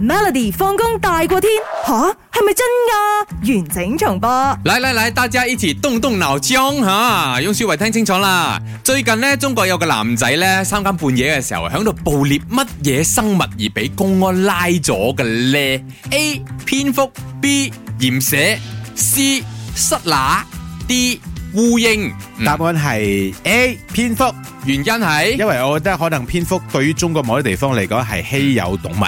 Melody 放工大過天吓，係咪真噶？完整重播，來來來，大家一起動動腦筋吓，用小耳聽清楚啦。最近咧，中國有個男仔咧，三更半夜嘅時候喺度捕獵乜嘢生物而俾公安拉咗嘅咧。A. 蝙蝠，B. 鹽蛇，C. 塞拿，D. 烏鷹。答案係 A. 蝙蝠。原因係因為我覺得可能蝙蝠對於中國某啲地方嚟講係稀有動物。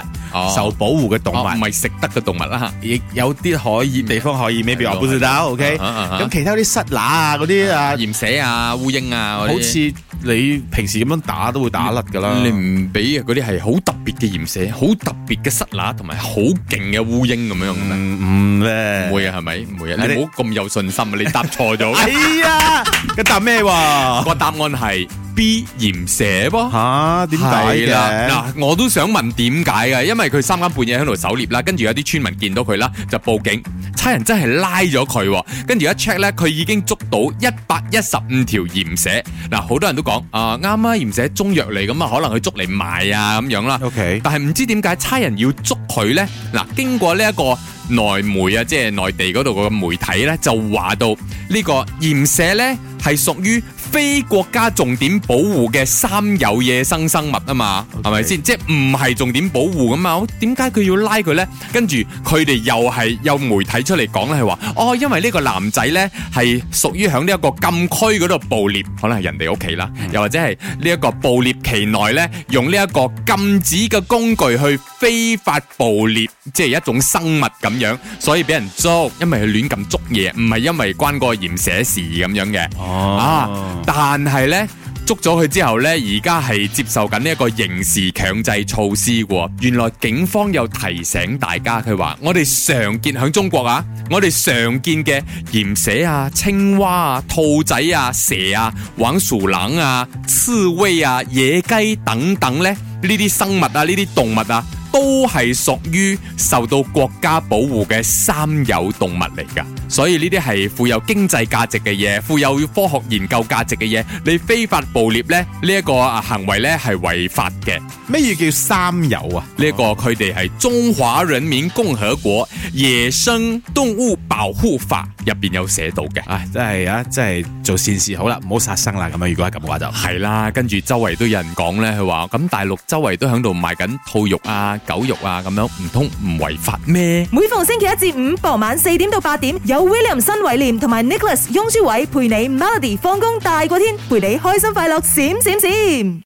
受保護嘅動物唔係食得嘅動物啦，亦有啲可以地方可以 maybe 我唔知道，OK？咁其他啲虱乸啊，嗰啲啊鹽蛇啊、烏蠅啊，好似你平時咁樣打都會打甩噶啦。你唔俾啊？嗰啲係好特別嘅鹽蛇、好特別嘅虱乸，同埋好勁嘅烏蠅咁樣噶嘛？唔唔咧，唔會啊？係咪？唔會啊？你唔好咁有信心啊！你答錯咗。哎呀，你答咩？個答案係。B 鹽蛇噃吓？點解嘅？嗱，我都想問點解嘅，因為佢三更半夜喺度狩獵啦，跟住有啲村民見到佢啦，就報警，差人真係拉咗佢，跟住一 check 咧，佢已經捉到一百一十五條鹽蛇。嗱，好多人都講啊，啱啱，鹽蛇中藥嚟，咁啊可能佢捉嚟賣啊咁樣啦。OK，但係唔知點解差人要捉佢咧？嗱，經過呢一個內媒啊，即係內地嗰度個媒體咧，就話到呢個鹽蛇咧。係屬於非國家重點保護嘅三有野生生物啊嘛，係咪先？即係唔係重點保護咁嘛。點解佢要拉佢呢？跟住佢哋又係有媒體出嚟講咧，係話哦，因為呢個男仔呢係屬於響呢一個禁區嗰度捕獵，可能係人哋屋企啦，mm. 又或者係呢一個捕獵期內呢，用呢一個禁止嘅工具去非法捕獵，即係一種生物咁樣，所以俾人捉，因為佢亂咁捉嘢，唔係因為關個鹽蛇事咁樣嘅。Oh. 啊！但係咧，捉咗佢之後咧，而家係接受緊呢一個刑事強制措施喎。原來警方又提醒大家，佢話我哋常見響中國啊，我哋常見嘅鹽蛇啊、青蛙啊、兔仔啊、蛇啊、黃鼠狼啊、刺蝟啊、野雞等等咧，呢啲生物啊，呢啲動物啊。都係屬於受到國家保護嘅三有動物嚟㗎，所以呢啲係富有經濟價值嘅嘢，富有科學研究價值嘅嘢，你非法捕獵呢，呢一個行為呢係違法嘅。咩叫三有啊？呢、啊、個佢哋係《中華人民共和國野生動物保護法》入邊有寫到嘅。啊，真係啊，真係做善事，好啦，唔好殺生啦。咁啊，如果係咁嘅話就係啦、啊。跟住周圍都有人講呢，佢話咁大陸周圍都響度賣緊兔肉啊。狗肉啊，咁樣唔通唔違法咩？每逢星期一至五，傍晚四點到八點，有 William 新偉廉同埋 Nicholas 雍舒偉陪你 Melody 放工大過天，陪你開心快樂閃閃閃。閃閃閃。